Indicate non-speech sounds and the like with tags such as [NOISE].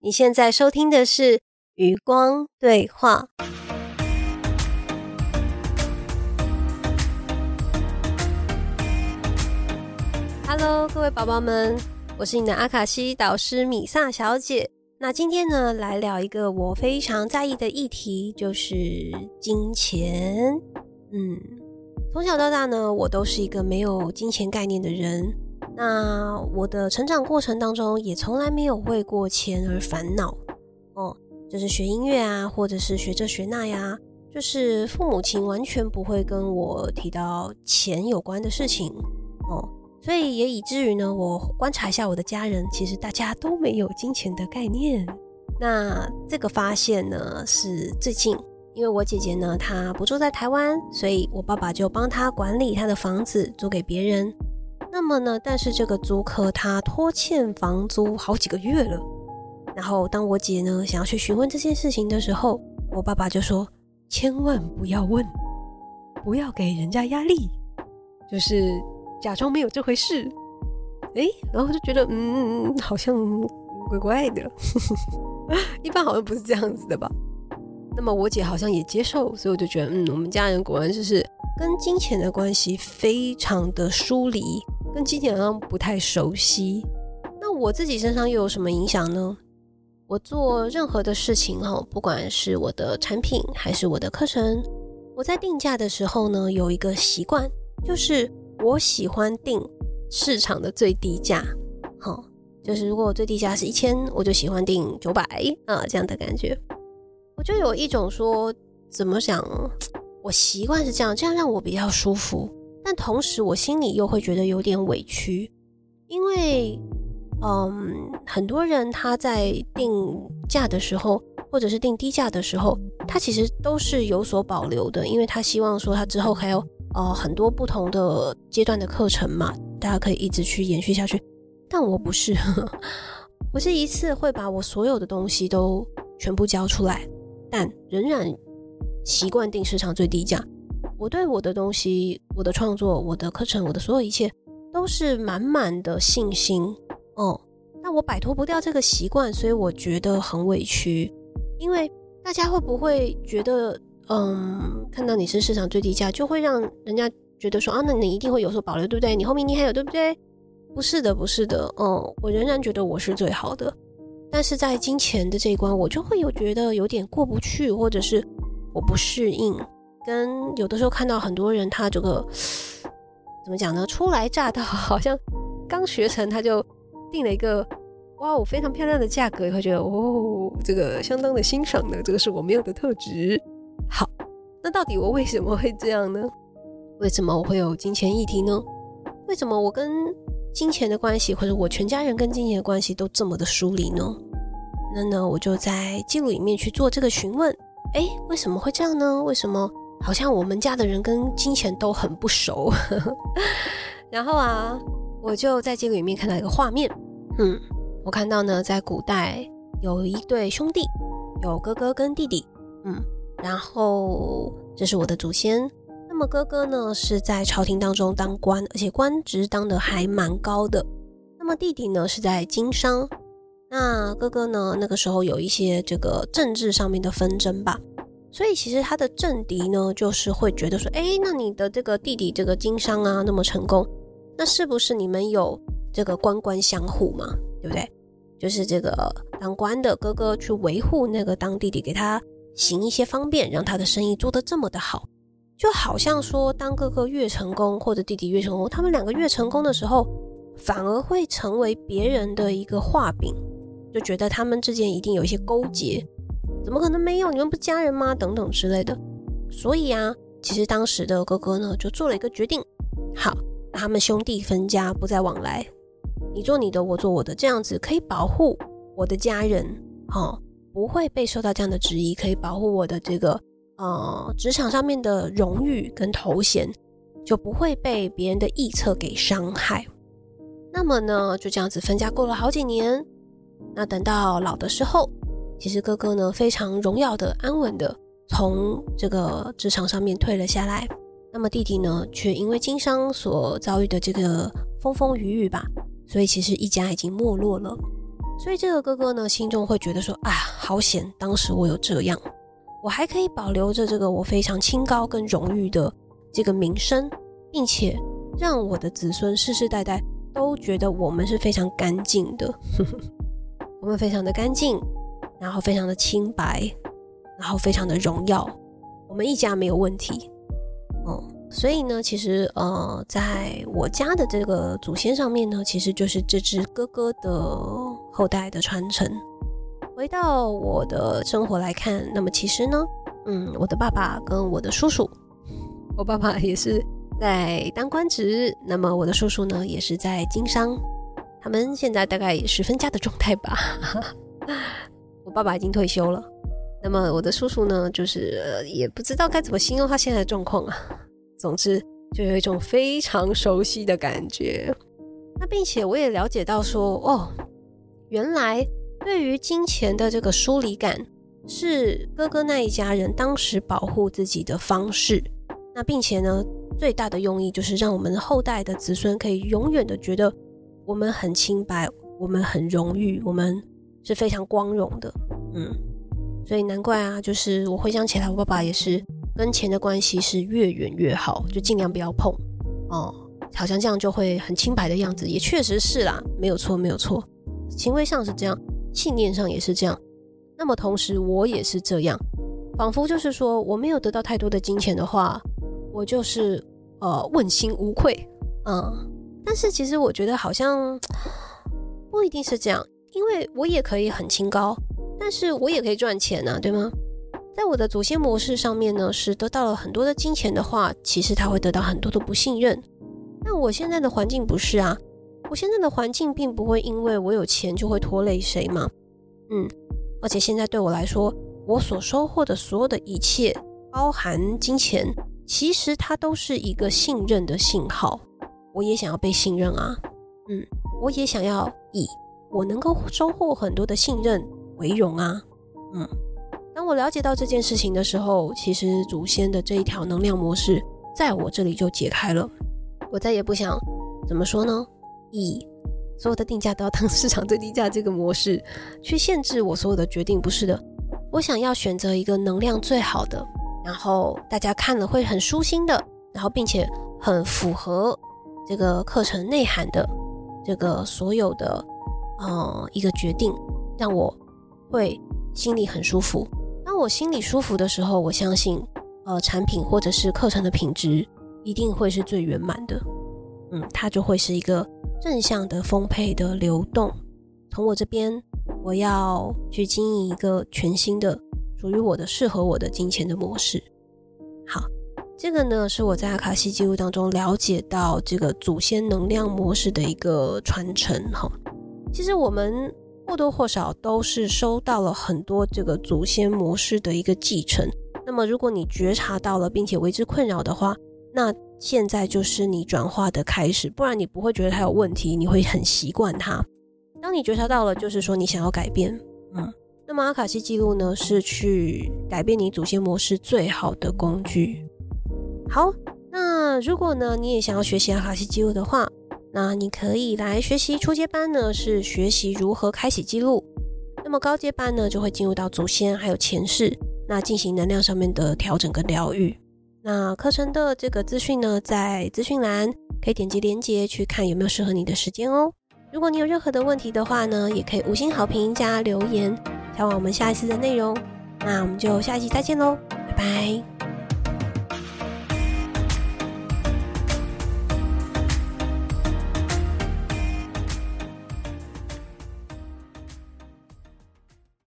你現在收聽的是《與光對話》。Hello，各位寶寶們，我是你的阿卡西導師米薩小姐。那今天呢，來聊一個我非常在意的議題，就是金錢。嗯，從小到大呢，我都是一個沒有金錢概念的人。那我的成長過程當中，也從來沒有為過錢而煩惱，哦，就是學音樂啊，或者是學這學那呀，就是父母親完全不會跟我提到錢有關的事情，哦，所以也以至於呢，我觀察一下我的家人，其實大家都沒有金錢的概念。那這個發現呢，是最近，因為我姐姐呢，她不住在台灣，所以我爸爸就幫她管理她的房子，租給別人。那麼呢？但是這個租客他拖欠房租好幾個月了。然後當我姐呢，想要去詢問這件事情的時候，我爸爸就說：“千萬不要問，不要給人家壓力，就是假裝沒有這回事。”哎，然後就覺得嗯，嗯，好像、嗯、怪怪的呵呵，一般好像不是這樣子的吧？那麼我姐好像也接受，所以我就覺得嗯，我們家人果然就是，是跟金錢的關係非常的疏離。跟金錢好像不太熟悉，那我自己身上又有什麼影響呢？我做任何的事情哈，不管是我的產品還是我的課程，我在定價的時候呢，有一個習慣，就是我喜歡定市場的最低價。哈，就是如果最低價是一千，我就喜歡定九百啊，這樣的感覺。我就有一種說，怎麼講？我習慣是這樣，這樣讓我比較舒服。但同時，我心裡又會覺得有點委屈，因為，嗯，很多人他在定價的時候，或者是定低價的時候，他其實都是有所保留的，因為他希望說他之後還有呃很多不同的階段的課程嘛，大家可以一直去延續下去。但我不是，呵呵，我是一次會把我所有的東西都全部交出來，但仍然習慣定市場最低價。我對我的東西、我的創作、我的課程、我的所有一切，都是滿滿的信心。哦、嗯，但我擺脫不掉這個習慣，所以我覺得很委屈。因為大家會不會覺得，嗯，看到你是市場最低價，就會讓人家覺得說啊，那你一定會有所保留，對不對？你後面你還有，對不對？不是的，不是的，嗯，我仍然覺得我是最好的。但是在金錢的這一關，我就會有覺得有點過不去，或者是我不適應。但有的時候看到很多人，他這個怎麼講呢？初來乍到，好像剛學成他就定了一個哇、哦，我非常漂亮的價格，會覺得哦，這個相當的欣賞的，這個是我沒有的特質。好，那到底我為什麼會這樣呢？為什麼我會有金錢議題呢？為什麼我跟金錢的關係，或者我全家人跟金錢的關係都這麼的疏離呢？那呢，我就在記錄裡面去做這個詢問。哎，為什麼會這樣呢？為什麼？好像我們家的人跟金錢都很不熟，呵呵。然後啊，我就在這個裡面看到一個畫面，嗯，我看到呢，在古代有一對兄弟，有哥哥跟弟弟，嗯，然後這是我的祖先，那麼哥哥呢是在朝廷當中當官，而且官職當得還蠻高的，那麼弟弟呢是在經商，那哥哥呢那個時候有一些這個政治上面的紛爭吧。所以其實他的政敵呢，就是會覺得說，哎，那你的這個弟弟這個經商啊，那麼成功，那是不是你們有這個官官相護嘛？對不對？就是這個當官的哥哥去維護那個當弟弟，給他行一些方便，讓他的生意做得這麼的好。就好像說，當哥哥越成功或者弟弟越成功，他們兩個越成功的時候，反而會成為別人的一個話柄，就覺得他們之間一定有一些勾結。怎麼可能沒有？你們不家人嗎？等等之類的。所以啊，其實當時的哥哥呢，就做了一個決定：好，他們兄弟分家，不再往來。你做你的，我做我的，這樣子可以保護我的家人，哦，不會被受到這樣的質疑，可以保護我的這個呃職場上面的榮譽跟頭銜，就不會被別人的臆測給傷害。那麼呢，就這樣子分家過了好幾年，那等到老的時候。其實哥哥呢，非常榮耀的、安穩的從這個職場上面退了下來，那麼弟弟呢，卻因為經商所遭遇的這個風風雨雨吧，所以其實一家已經沒落了。所以這個哥哥呢，心中會覺得說，啊好險，當時我有這樣，我還可以保留着這個我非常清高跟榮譽的這個名聲，並且讓我的子孫世世代代都覺得我們是非常乾淨的， [LAUGHS] 我們非常的乾淨。然後非常的清白，然後非常的榮耀，我們一家沒有問題，嗯，所以呢，其實呃，在我家的這個祖先上面呢，其實就是這隻哥哥的後代的傳承。回到我的生活來看，那麼其實呢，嗯，我的爸爸跟我的叔叔，我爸爸也是在當官職，那麼我的叔叔呢，也是在經商，他們現在大概也是分家的狀態吧。 [LAUGHS] 我爸爸已經退休了，那麼我的叔叔呢，就是、呃、也不知道該怎麼形容他現在的狀況啊。總之，就有一種非常熟悉的感覺。那並且我也了解到說，哦，原來對於金錢的這個疏離感，是哥哥那一家人當時保護自己的方式。那並且呢，最大的用意就是讓我們後代的子孫可以永遠的覺得我們很清白，我們很榮譽，我們。是非常光榮的，嗯，所以難怪啊，就是我回想起來，我爸爸也是跟錢的關係是越遠越好，就儘量不要碰哦、嗯，好像這樣就會很清白的樣子，也確實是啦、啊，沒有錯，沒有錯，行為上是這樣，信念上也是這樣，那麼同時我也是這樣，仿佛就是說我沒有得到太多的金錢的話，我就是呃問心無愧，嗯，但是其實我覺得好像不一定是這樣。因為我也可以很清高，但是我也可以賺錢呢啊，對嗎？在我的祖先模式上面呢，是得到了很多的金錢的話，其實他會得到很多的不信任。但我現在的環境不是啊，我現在的環境並不會因為我有錢就會拖累誰嘛。嗯，而且現在對我來說，我所收穫的所有的一切，包含金錢，其實它都是一個信任的信號。我也想要被信任啊，嗯，我也想要以。我能夠收穫很多的信任為榮啊，嗯，當我了解到這件事情的時候，其實祖先的這一條能量模式在我這裡就解開了。我再也不想怎麼說呢？以所有的定價都要當市場最低價這個模式去限制我所有的決定，不是的。我想要選擇一個能量最好的，然後大家看了會很舒心的，然後並且很符合這個課程內涵的，這個所有的。呃、嗯，一個決定讓我會心裡很舒服。當我心裡舒服的時候，我相信，呃，產品或者是課程的品質一定會是最圓滿的。嗯，它就會是一個正向的豐沛的流動。從我這邊，我要去經營一個全新的、屬於我的、適合我的金錢的模式。好，這個呢，是我在阿卡西記錄當中了解到這個祖先能量模式的一個傳承哈。其實我們或多或少都是收到了很多這個祖先模式的一個繼承。那麼，如果你覺察到了，並且為之困擾的話，那現在就是你轉化的開始。不然你不會覺得它有問題，你會很習慣它。當你覺察到了，就是說你想要改變，嗯，那麼阿卡西記錄呢，是去改變你祖先模式最好的工具。好，那如果呢，你也想要學習阿卡西記錄的話。那你可以來學習初階班呢，是學習如何開啟記錄；那麼高階班呢，就會進入到祖先還有前世，那進行能量上面的調整跟療癒。那課程的這個資訊呢，在資訊欄可以點擊鏈接去看有沒有適合你的時間哦。如果你有任何的問題的話呢，也可以五星好評加留言，前往我們下一次的內容。那我們就下一集再見嘍，拜拜。